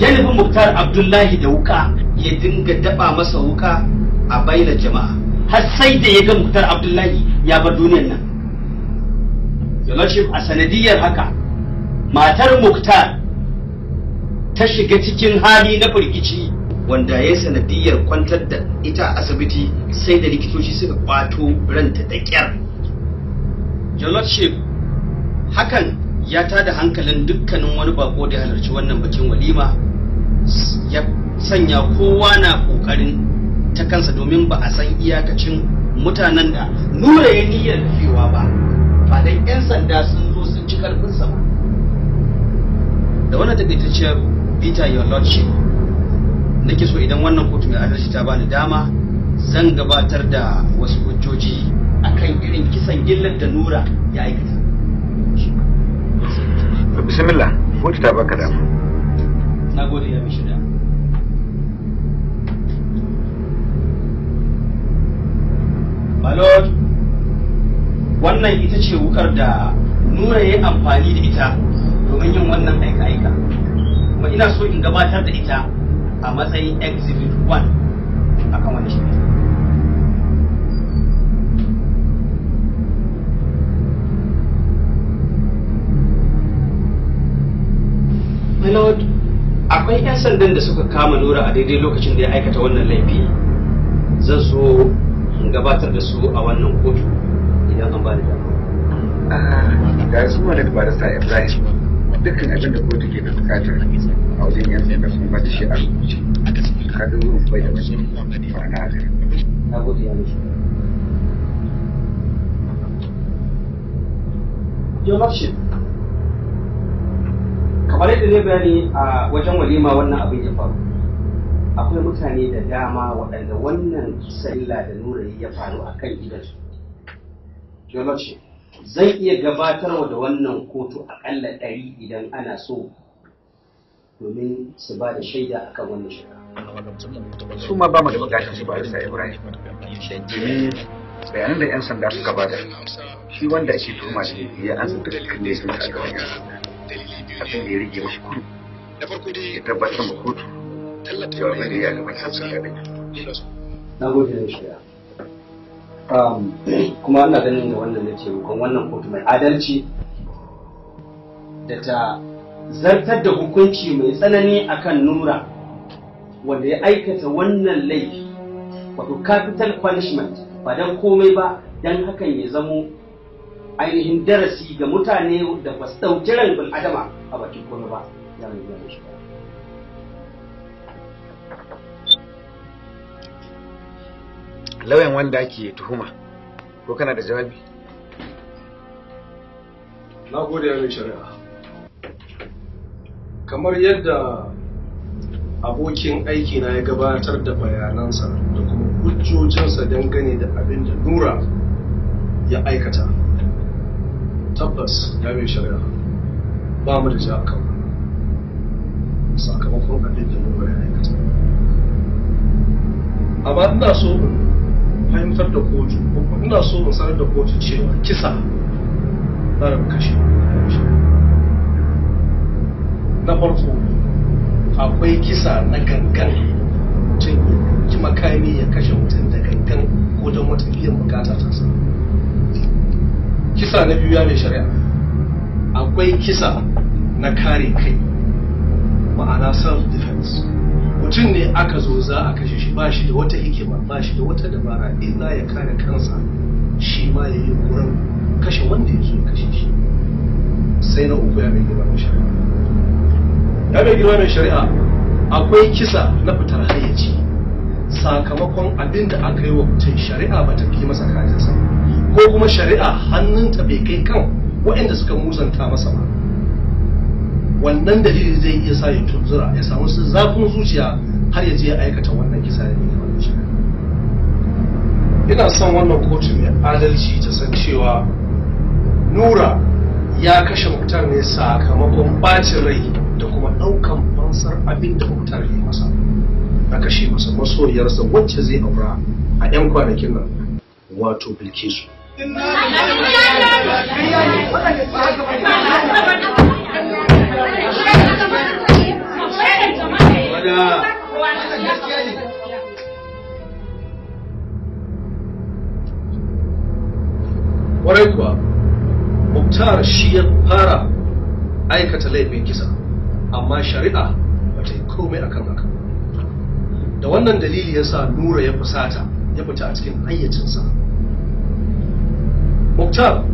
ya nufi muktar abdullahi da wuka ya dinga daba masa wuka a baila jama'a har sai da ya ga muktar abdullahi ya bar duniyar nan yalashif a sanadiyar haka matar muktar ta shiga cikin hali na firgici wanda ya sanadiyar kwantar da ita asibiti sai da likitoci suka kwato ranta da kyar jaloshif hakan ya tada hankalin dukkanin wani bako da halarci wannan bakin walima ya sanya kowa na kokarin ta kansa domin ba a san iyakacin mutanen da nura ya niyyar fiwa ba ba dan yan sanda sun zo sun ci sa ba da wannan takaitacciyar peter your lordship nake so idan wannan kotu mai adalci ta bani dama zan gabatar da wasu hujjoji akan irin kisan gillar da nura ya aikata bismillah kotu ta baka dama na gode ya mishi da balot wannan ita ce wukar da nura ya amfani da ita domin yin wannan aika-aika kuma ina so in gabatar da ita a matsayin exhibit 1 a wani shirin my akwai 'yan sandan da suka kama nura a daidai lokacin da ya aikata wannan laifi zan so in gabatar da su a wannan kotu idan an ba da dama ga su bada sa ibrahim dukkan abin da kotu ke da bukatar a wajen yan da sun ba da shi a rubuce kaga wurin bai da wani ma'ana a na gode ya mishi Your kamar yadda zai bayani a wajen walima wannan abin ya faru. akwai mutane da dama waɗanda wannan sallah da nurari ya faru a kan gidansu joloce zai iya gabatarwa da wannan kotu aƙalla ɗari idan ana so domin su ba da shaida a kan wannan shiga su ma ba mu da bukatar su ba da ibrahim domin bayanan da 'yan sanda suka bada shi wanda ake tuhuma shi ya an daga kan da ya sun abin da ya rige mashi kuru ya tabbatar ma kotu tallata yawan Najeriya ga mai hamsin ya ɗaya. Na gode da shiga. Um, kuma ana ganin da wannan na ce kan wannan kotu mai adalci da ta zartar da hukunci mai tsanani akan nura wanda ya aikata wannan laifi wato capital punishment ba don komai ba don hakan ya zamo ainihin darasi ga mutane da ba su ɗauki ran bil'adama a bakin komai ba. Ya mai shi. lauyan wanda ake tuhuma ko kana da jawabi na gode mai shari'a kamar yadda abokin aikina ya gabatar da bayanansa da kuma hujjojinsa dangane da abin da nura ya aikata tabbas ya mai shari'a ba mu da ja akan sakamakon abin da nura ya aikata amma ina so fahimtar da kotu kuma ina so in sanar da kotu cewa kisa tsarin kashe na farko akwai kisa na gangan mutum ki makami ya kashe mutum da gangan ko don wata iya bukata ta sa kisa na biyu ya mai shari'a akwai kisa na kare kai ma'ana self mutum ne aka zo za a kashe shi ba shi da wata hikima ba shi da wata dabara illa ya kare kansa shi ma ya yi kuran kashe wanda ya zo kashe shi sai na uku ya mai girma mai shari'a ya mai girma mai shari'a akwai kisa na fitar hayyaci sakamakon abin da aka yi wa mutum shari'a ba ta fi masa kajinsa ko kuma shari'a hannunta bai kai kan waɗanda suka musanta masa ba wannan dalilin zai iya sa ya tunzura ya samu su zafin zuciya har ya je ya aikata wannan kisa ya ne wannan shi ina son wannan kotu mai adalci ta san cewa nura ya kashe muktar ne sakamakon bacin rai da kuma ɗaukan fansar abin da muktar ya masa a kashe masa masoyarsa wacce zai aura a 'yan kwanakin nan wato bilkisu. Kwarai kuwa, Muktar shi ya fara aikata laifin kisa, amma shari'a ba ta yi komai a kan haka. Da wannan dalili ya sa Nura ya fusata ya fita a cikin hayyacinsa. Muktar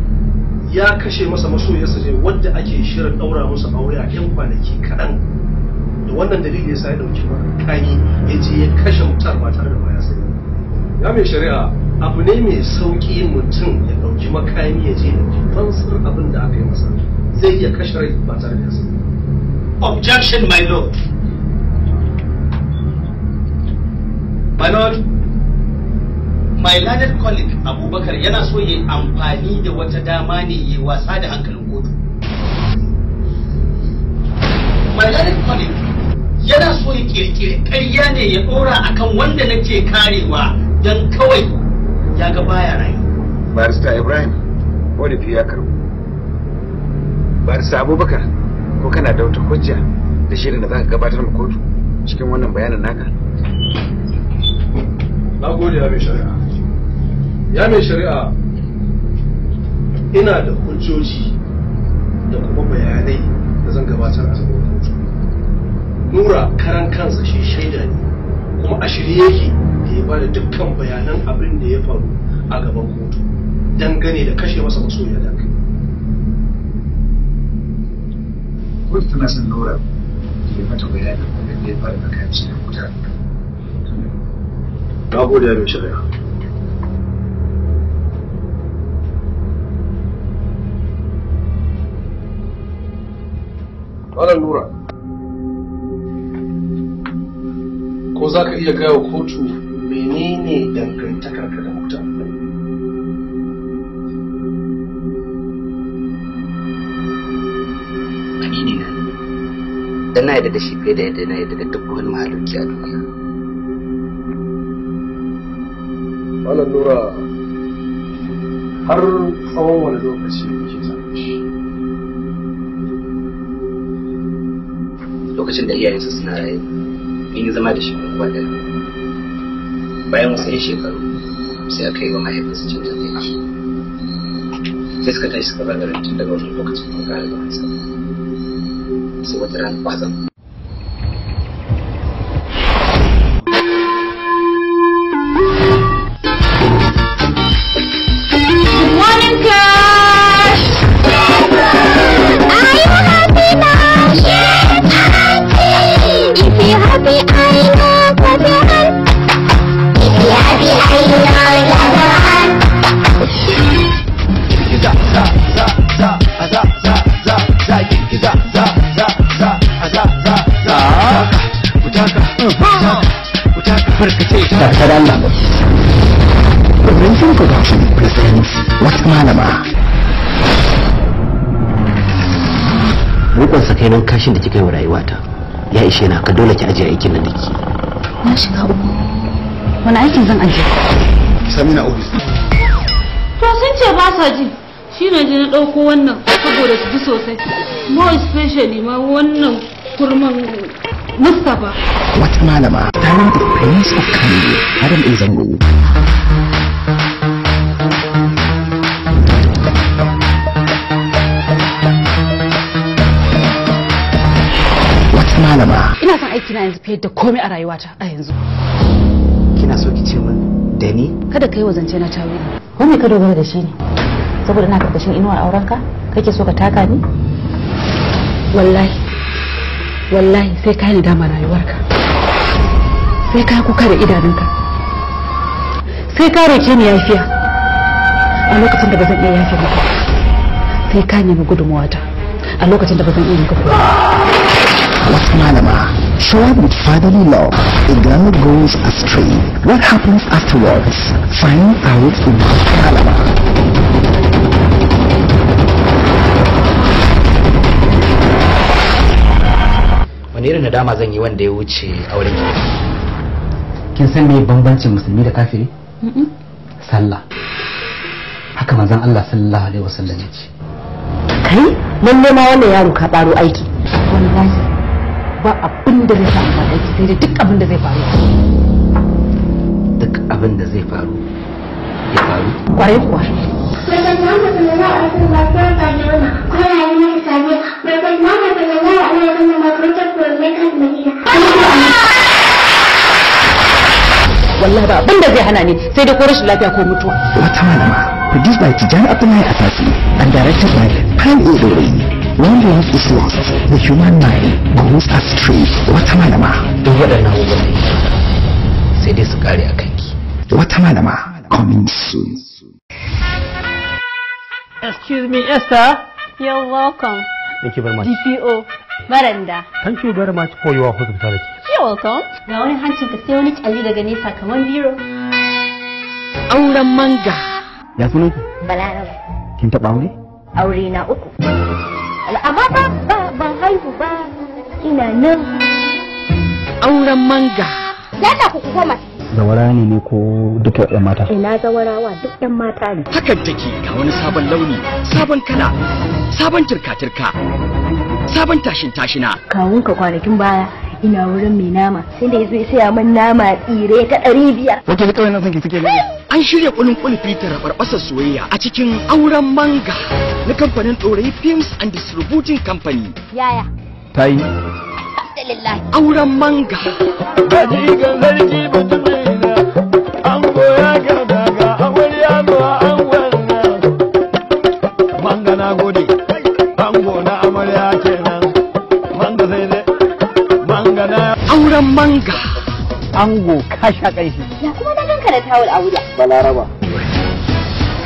ya kashe masa masoyarsa ne wadda ake shirin ɗaura musu aure a 'yan kwanaki kaɗan da wannan dalili ya sa ya ɗauki makami ya je ya kashe mutar ba tare da ba ya ya mai shari'a abu ne mai sauƙi mutum ya ɗauki makami ya je ya ɗauki fansar abin da aka yi masa zai iya kashe rai ba tare da ya sani objection my lord my lord my learned colleague abubakar yana so ya amfani da wata dama ne ya wasa da hankalin kotu my learned colleague yana so ya kirkiri ƙarya ne ya ɗora akan wanda nake karewa don kawai ya ga baya rayu barista ibrahim fi ya karbu barista abubakar ko kana da wata hujja da shirin da za ka gabatar ma kotu cikin wannan bayanin naka na gode ya mai shari'a ya mai shari'a ina da hujjoji da kuma bayanai da zan gabatar a zama kotu nura karan kansa shi shaida ne kuma a shirye yake da ya bada dukkan bayanan abin da ya faru a gaban kotu dangane da kashe masa maso da kai kotu tana son nura ya mata bayanan abin da ya faru a kayan cikin mutane na gode ya mai shari'a malam nura ko za ka iya gaya kotu menene dangantakar ka da mutum dan na yadda da shi fiye da yadda na yadda da duk wani mahalarci a duniya malam nura har tsawon wani lokaci lokacin da iyayensu suna raye in yi zama da shi kuma da bayan wasu ya shekaru sai aka yi wa mahaifinsa cin zafi sai suka tashi suka ba da tun daga wani lokacin kuma kare gaban sa sai wata rana kwazan taɓin sakainan kashin da kika yi wa rayuwata ya ishe na ka dole ki ajiye aikin nan da ke na shiga uku wani aikin zan ajiye sami na ofis to sun ce ba sa ji shi ne na ɗauko wannan saboda su ji sosai more especially ma wannan kurman Mustapha. Wata malama ta rubuta Prince of Kano, Adam Ezango. malama ina son aiki na yanzu fiye da komai a rayuwata a yanzu kina so ki ce min da ni kada kai wa zance na tawo ko me ka dogara da shi ne saboda ina karkashin inuwar aurenka kake so ka taka ni wallahi wallahi sai ka ni dama rayuwarka sai ka kuka da idanunka sai ka rake ni yafiya a lokacin da ba zan iya yafiya maka sai ka nemi gudunmawata a lokacin da ba zan iya maka kuma was Malama. Showed with fatherly love, a girl goes astray. What happens afterwards? Find out in Malama. wani irin nadama zan yi wanda ya wuce auren ki kin san me bambancin musulmi da kafiri sallah haka manzon Allah sallallahu alaihi wasallam ya ce kai lalle ma wannan yaro ka baro aiki wallahi ba abin da zai faru ba aiki sai dai duk abin da zai faru duk abin da zai faru ya faru kwarai kuwa wallahi ba abin da zai hana ne sai dai ko rashin lafiya ko mutuwa wata malama produced by Tijani Abdullahi Asasi and directed by Pan Idori warriors is lost the human mind goes astray wata malama duk waɗannan wajen sai dai su kare a kanki wata malama coming soon excuse me esther you're welcome thank you very much dpo baranda thank you very much for your hospitality you're welcome ga wani hancin ka sai wani kyalli daga nesa kamar biro auren manga ya sunan ku balaraba kin taɓa aure aure na uku amma ba ba ban haihu ba ina nan auren manga lalla ku koma zawara ne ne ko duka yan mata ina zawara wa duk yan mata ne hakan take ga wani sabon launi sabon kala sabon turka turka sabon tashin tashina kawunka kwanakin baya ina wurin mai nama sai da yazo ya saya min nama tsire ta ɗari biyar. Wato ni kawai nan ki fike ne. An shirya kulun kulun fitar barbasar soyayya a cikin auren manga na kamfanin Ɗorayi Films and Distributing Company. Yaya. tayi? Alhamdulillah. Auren manga. Kaji ga zarki mutumina an goya ga auren manga ango ka sha shi ya kuma na ganka da tawul a wuya balaraba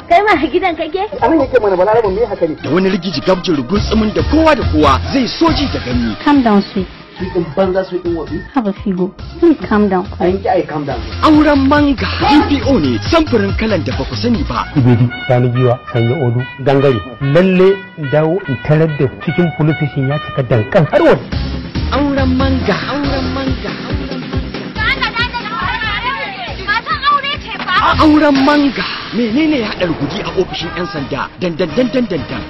kai ma gidan kake a nan yake mana balaraba me haka ne wani rigiji gabjin rugun tsumin da kowa da kowa zai soji da gani calm down sweet sweetin banza yi wabi? Haba figo, please calm down. A yanki ai calm down. Auren manga NPO ne samfurin kalan da baku sani ba. Ibedi, Sani Giwa, Sanya Odu, Gangare. Lalle dawo in tarar da cikin police ya cika dankan har Auren manga. a auren manga menene ya haɗar gudi a ofishin 'yan sanda dandan dandan dandan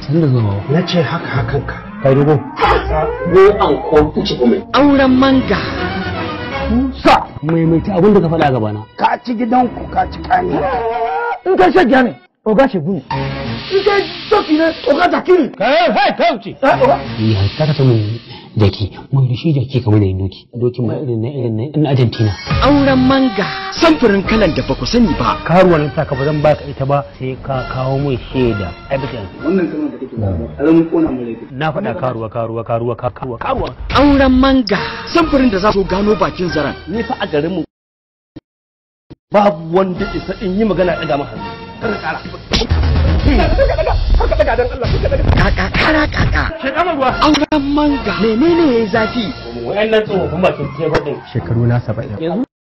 na ce haka hakan ka kai dubu Ko an ko kuce kuma auren manga sa maimaita abin da ka faɗa gabana ka ci gidanku ka ci kani in ka shagiya ne oga shegu ne in kai sofi ne oga zakiri kai hai kauci eh, oga ya ka ta mun jaki mun da shi jaki kamar da doki doki mai irin na irin na Argentina auren manga samfurin kalan da baku sani ba karuwan sa ka bazan baka ita ba sai ka kawo mai shaida evidence wannan kalmar da kake ba alamun kona mu laifi na faɗa karuwa karuwa karuwa karuwa karuwa auren manga samfurin da za su gano bakin zaran ni fa a garin mu babu wanda isa in yi magana daga mahalli kar kara Kaka Auren manga menene ya yi zafi? Wa'annan tsofaffin bakin tebur ɗin. Shekaru na saba'in.